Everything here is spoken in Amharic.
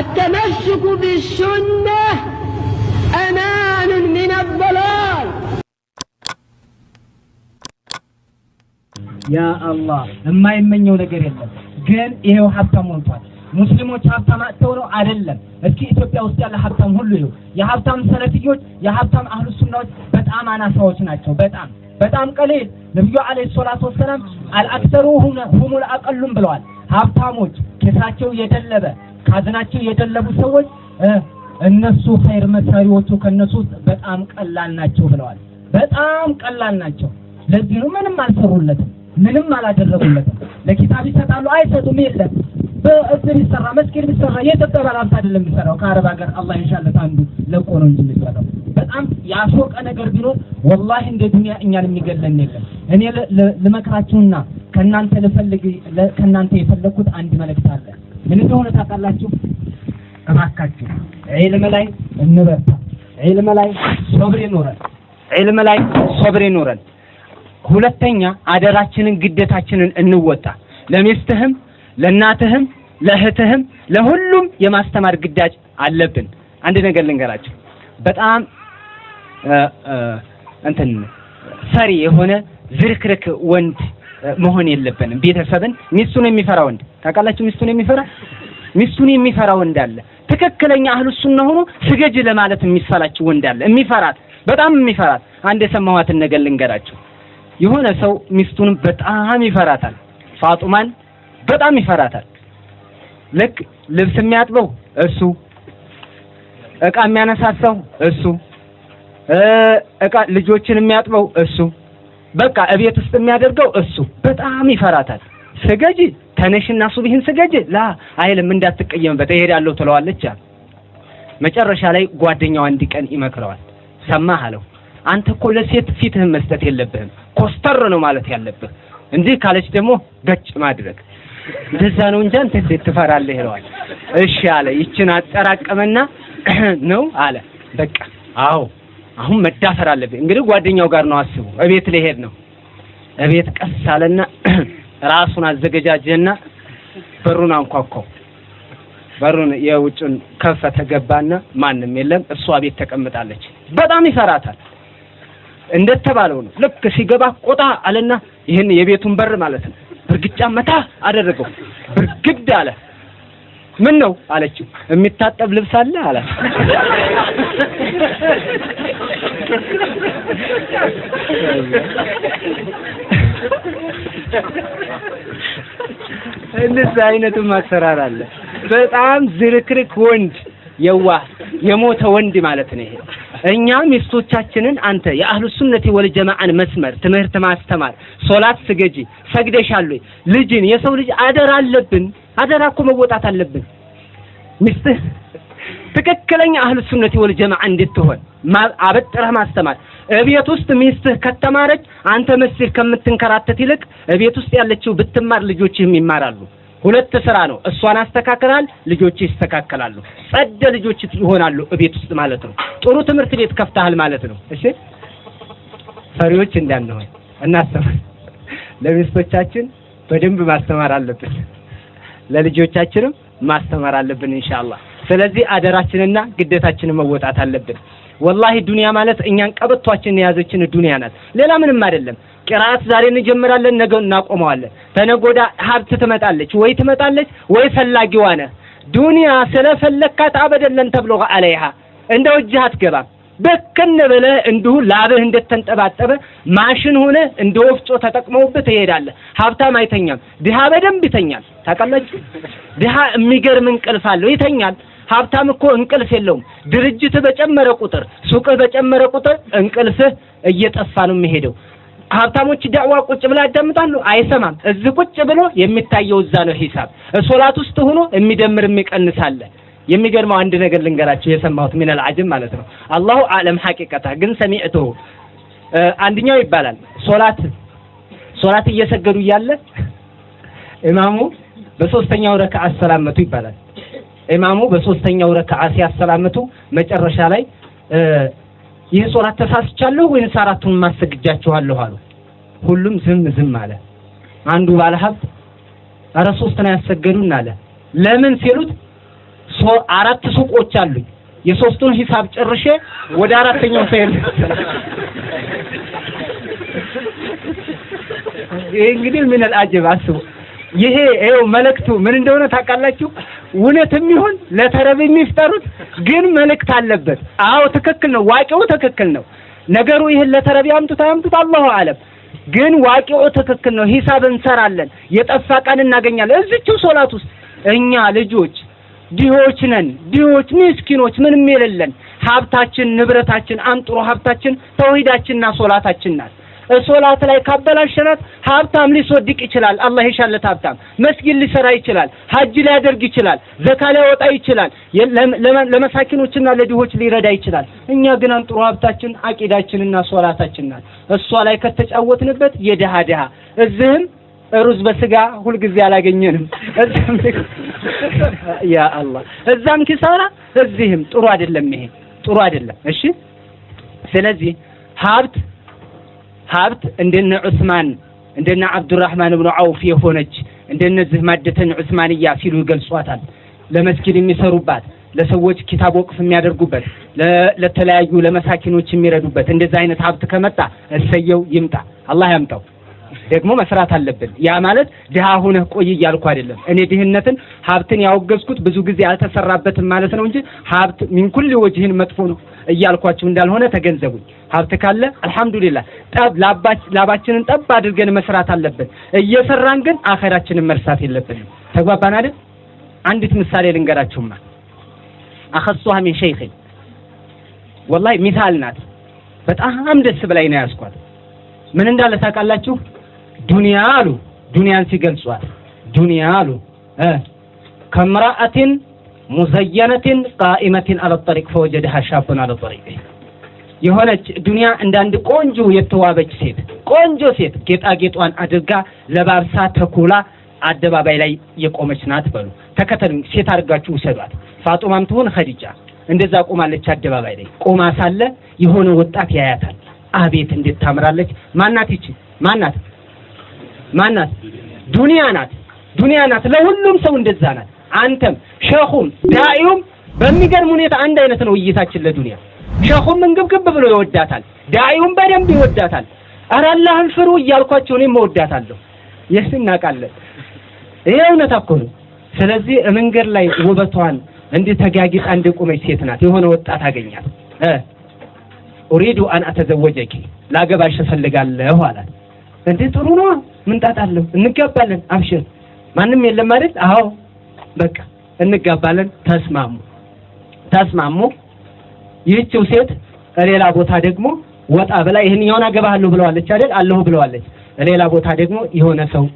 التمسك بالسنة أمان من الضلال الله አላህ የማይመኘው ነገር የለም። ግን ይሄው ሀብታም ሞልቷል። ሙስሊሞች ሀብታም አጥተው ነው አይደለም። እስኪ ኢትዮጵያ ውስጥ ያለ ሀብታም ሁሉ ይሁ የሀብታም ሰለፊዎች የሀብታም አህሉ ሱናዎች በጣም አናሳዎች ናቸው። በጣም በጣም ቀሌል ነብዩ አለይሂ ሰላቱ ወሰለም አልአክሰሩ ሁሙል አቀሉም ብለዋል። ሀብታሞች ኪሳቸው የደለበ ካዝናቸው የደለቡ ሰዎች እነሱ ኸይር መሳሪዎቹ ከነሱ በጣም ቀላል ናቸው ብለዋል። በጣም ቀላል ናቸው። ለዚህ ነው ምንም አልሰሩለትም፣ ምንም አላደረጉለትም። ለኪታብ ይሰጣሉ፣ አይሰጡም። የለም በእስር ይሰራ መስጊድ ይሰራ የጠጠበ ራስ አይደለም የሚሰራው ከአረብ ሀገር አላህ ይሻለት አንዱ ለቆ ነው እንጂ የሚሰራው በጣም ያሾቀ ነገር ቢኖር ወላሂ እንደ ዱንያ እኛን የሚገለን የለም። እኔ ልመክራችሁና ከእናንተ ልፈልግ ከእናንተ የፈለግኩት አንድ መልእክት አለ ምን እንደሆነ ታውቃላችሁ? እባካችሁ ዒልም ላይ እንበርታ። ዒልም ላይ ሶብር ይኑረን። ዒልም ላይ ሶብር ይኑረን። ሁለተኛ አደራችንን፣ ግዴታችንን እንወጣ። ለሚስትህም፣ ለእናትህም፣ ለእህትህም ለሁሉም የማስተማር ግዳጅ አለብን። አንድ ነገር ልንገራችሁ። በጣም እንትን ሰሪ የሆነ ዝርክርክ ወንድ መሆን የለብንም። ቤተሰብን ሚስቱን የሚፈራ ወንድ ታውቃላችሁ፣ ሚስቱን የሚፈራ ሚስቱን የሚፈራ ወንድ አለ። ትክክለኛ አህሉ ሱና ሆኖ ስገጅ ለማለት የሚሳላችሁ ወንድ አለ። የሚፈራት በጣም የሚፈራት አንድ የሰማኋትን ነገር ልንገራችሁ። የሆነ ሰው ሚስቱን በጣም ይፈራታል። ፋጡማን በጣም ይፈራታል። ልክ ልብስ የሚያጥበው እሱ፣ እቃ የሚያነሳሳው እሱ፣ እቃ ልጆችን የሚያጥበው እሱ በቃ እቤት ውስጥ የሚያደርገው እሱ በጣም ይፈራታል። ስገጂ ተነሽና ሱብሂን ስገጂ ላ አይልም፣ እንዳትቀየምበት እሄዳለሁ ትለዋለች። መጨረሻ ላይ ጓደኛው አንድ ቀን ይመክረዋል። ሰማህ አለው፣ አንተ እኮ ለሴት ፊትህን መስጠት የለብህም ኮስተር ነው ማለት ያለብህ። እንዲህ ካለች ደግሞ ገጭ ማድረግ እንደዛ ነው እንጂ አንተ እንዴት ትፈራለህ? ይለዋል። እሺ አለ። ይችን አጠራቀመና ነው አለ በቃ አዎ አሁን መዳፈር አለብኝ። እንግዲህ ጓደኛው ጋር ነው አስቡ። እቤት ሊሄድ ነው። እቤት ቀስ አለና ራሱን አዘገጃጀና በሩን አንኳኳው። በሩን የውጭን ከፈተ፣ ገባና ማንም የለም። እሷ ቤት ተቀምጣለች። በጣም ይፈራታል። እንደተባለው ነው። ልክ ሲገባ ቆጣ አለና ይህን የቤቱን በር ማለት ነው ብርግጫ መታ አደረገው። ብርግድ አለ። ምን ነው አለችው። የሚታጠብ ልብስ አለ አላት። እንደዚህ አይነትም አሰራር አለ። በጣም ዝርክርክ ወንድ የዋ የሞተ ወንድ ማለት ነው ይሄ። እኛ ሚስቶቻችንን አንተ የአህሉ ሱነቲ ወልጀማዓን መስመር ትምህርት ማስተማር፣ ሶላት ስገጂ ሰግደሻል ወይ? ልጅን የሰው ልጅ አደራ አለብን። አደራ እኮ መወጣት አለብን። ሚስትህ ትክክለኛ አህሉ ሱነቲ ወልጀማዓ እንድትሆን አበጥረህ ማስተማር። እቤት ውስጥ ሚስትህ ከተማረች አንተ መስጊድ ከምትንከራተት ይልቅ እቤት ውስጥ ያለችው ብትማር ልጆችህም ይማራሉ። ሁለት ስራ ነው። እሷን አስተካክላል፣ ልጆች ይስተካከላሉ። ጸደ ልጆች ይሆናሉ እቤት ውስጥ ማለት ነው። ጥሩ ትምህርት ቤት ከፍተሃል ማለት ነው። እሺ ፈሪዎች እንዳንሆን እናስተምር። ለሚስቶቻችን በደንብ ማስተማር አለብን፣ ለልጆቻችንም ማስተማር አለብን ኢንሻአላህ። ስለዚህ አደራችንና ግዴታችንን መወጣት አለብን። ወላሂ ዱንያ ማለት እኛን ቀበቷችን የያዘችን ዱንያ ናት። ሌላ ምንም አይደለም። ቅራት ዛሬ እንጀምራለን፣ ነገ እናቆመዋለን። ተነጎዳ ሀብት ትመጣለች ወይ ትመጣለች ወይ ፈላጊዋ ነህ። ዱንያ ስለፈለካት አበደለን ተብሎ አለይሃ እንደው እጅህ አትገባም። በከነ ብለህ እንዲሁ ላብህ እንደተንጠባጠበ ማሽን ሆነ እንደ ወፍጮ ተጠቅመውበት ትሄዳለህ። ሀብታም አይተኛም፣ ድሃ በደንብ ይተኛል። ታውቃላችሁ፣ ድሃ የሚገርም እንቅልፍ አለው፣ ይተኛል። ሀብታም እኮ እንቅልፍ የለውም። ድርጅት በጨመረ ቁጥር፣ ሱቅህ በጨመረ ቁጥር እንቅልፍህ እየጠፋ ነው የሚሄደው። ሀብታሞች ዳዕዋ ቁጭ ብላ ያዳምጣሉ፣ አይሰማም። እዚህ ቁጭ ብሎ የሚታየው እዛ ነው ሂሳብ። ሶላት ውስጥ ሆኖ የሚደምር የሚቀንስ አለ። የሚገርመው አንድ ነገር ልንገራቸው፣ የሰማሁት ሚነል አጅብ ማለት ነው። አላሁ አለም ሐቂቀታ ግን ሰሚዕቱ አንድኛው ይባላል ሶላት ሶላት እየሰገዱ እያለ ኢማሙ በሶስተኛው ረከዓ አሰላመቱ ይባላል ኢማሙ በሶስተኛው ረክዓ ሲያሰላምቱ መጨረሻ ላይ ይህ ሶላት ተሳስቻለሁ ወይንስ አራቱን ማሰግጃችኋለሁ አሉ። ሁሉም ዝም ዝም አለ። አንዱ ባለሀብት ኧረ ሶስት ነው ያሰገዱን አለ። ለምን ሲሉት አራት ሱቆች አሉኝ የሶስቱን ሂሳብ ጨርሼ ወደ አራተኛው ፈይል። ይሄ እንግዲህ ምን አልአጀብ አስቡ። ይሄ ይኸው መልእክቱ ምን እንደሆነ ታውቃላችሁ? እውነትም የሚሆን ለተረብ የሚፍጠሩት ግን መልእክት አለበት። አዎ ትክክል ነው፣ ዋቂው ትክክል ነው። ነገሩ ይህን ለተረብ ያምጡት አያምጡት አላሁ አለም፣ ግን ዋቂው ትክክል ነው። ሂሳብ እንሰራለን፣ የጠፋ ቀን እናገኛለን። እዚችው ሶላት ውስጥ እኛ ልጆች ድሆች ነን፣ ድሆች ምስኪኖች፣ ምንም የሌለን ሀብታችን፣ ንብረታችን፣ አንጥሮ ሀብታችን ተውሂዳችንና ሶላታችን ናት። ሶላት ላይ ካበላሸናት ሀብታም ሊስወድቅ ይችላል። አላህ የሻለት ሀብታም መስጊድ ሊሰራ ይችላል። ሀጅ ሊያደርግ ይችላል። ዘካ ሊያወጣ ይችላል። ለመሳኪኖችና ለድሆች ሊረዳ ይችላል። እኛ ግን አንጥሩ ሀብታችን አቂዳችንና ሶላታችን ናት። እሷ ላይ ከተጫወትንበት የድሃ ድሃ እዚህም ሩዝ በስጋ ሁልጊዜ አላገኘንም። ያ አላህ እዛም ኪሳራ እዚህም ጥሩ አይደለም። ይሄ ጥሩ አይደለም። እሺ ስለዚህ ሀብት ሀብት እንደነ ዑስማን እንደነ አብዱራህማን ብኑ አውፍ የሆነች እንደነዚህ ማደተን ዑስማንያ ሲሉ ይገልጿታል። ለመስጊድ የሚሰሩባት፣ ለሰዎች ኪታብ ወቅፍ የሚያደርጉበት፣ ለተለያዩ ለመሳኪኖች የሚረዱበት እንደዚህ አይነት ሀብት ከመጣ እሰየው ይምጣ፣ አላህ ያምጣው። ደግሞ መስራት አለብን። ያ ማለት ድሃ ሁነህ ቆይ እያልኩ አይደለም። እኔ ድህነትን ሀብትን ያወገዝኩት ብዙ ጊዜ አልተሰራበትም ማለት ነው እንጂ ሀብት ሚንኩል ወጅህን መጥፎ ነው እያልኳችሁ እንዳልሆነ ተገንዘቡኝ። ሀብት ካለ አልሐምዱሊላህ፣ ጠብ ላባችንን ጠብ አድርገን መስራት አለብን። እየሰራን ግን አኸራችንን መርሳት የለብንም። ተግባባን አይደል? አንዲት ምሳሌ ልንገራችሁማ። አኸሷህ ሚን ሸይኽ ወላሂ ሚሳል ናት። በጣም ደስ ብላኝ ነው ያስኳት። ምን እንዳለ ታውቃላችሁ? ዱንያ አሉ ዱንያን ሲገልጿል ዱንያ አሉ ከምራአትን ሙዘየነትን ቃኢመትን አለጠሪቅ ፈወጀድሃ ሻቡን አለጠሪቅ የሆነች ዱንያ እንዳንድ ቆንጆ የተዋበች ሴት ቆንጆ ሴት ጌጣጌጧን አድርጋ ለባብሳ ተኩላ አደባባይ ላይ የቆመች ናት በሉ ተከተሉ ሴት አድርጋችሁ ውሰዷት ፋጡማም ትሁን ኸዲጃ እንደዛ ቆማለች አደባባይ ላይ ቆማ ሳለ የሆነ ወጣት ያያታል አቤት እንዴት ታምራለች ማናት ይቺ ማናት ማናት? ዱንያ ናት። ዱንያ ናት። ለሁሉም ሰው እንደዛ ናት። አንተም ሸኹም ዳኢውም በሚገርም ሁኔታ አንድ አይነት ነው እይታችን ለዱንያ። ሸኹም እንግብግብ ብሎ ይወዳታል፣ ዳኢውም በደንብ ይወዳታል። ኧረ አላህን ፍሩ እያልኳቸው እኔም እወዳታለሁ። ይህ እናውቃለን። ይሄ እውነት እኮ ነው። ስለዚህ መንገድ ላይ ውበቷን እንዲህ ተጋጊጣ እንደቆመች ሴት ናት የሆነ ወጣት አገኛት። ኡሪዱ አን አተዘወጀኪ ላገባሽ እፈልጋለሁ አላት። እንዴ ጥሩ ነው። ምንጣት አለው እንጋባለን። አብሽር ማንም የለም አይደል? አዎ በቃ እንጋባለን። ተስማሙ ተስማሙ። ይህችው ሴት ሌላ ቦታ ደግሞ ወጣ ብላ ይህን የሆነ አገባለሁ ብለዋለች አይደል? አለሁ ብለዋለች። ሌላ ቦታ ደግሞ የሆነ ሰው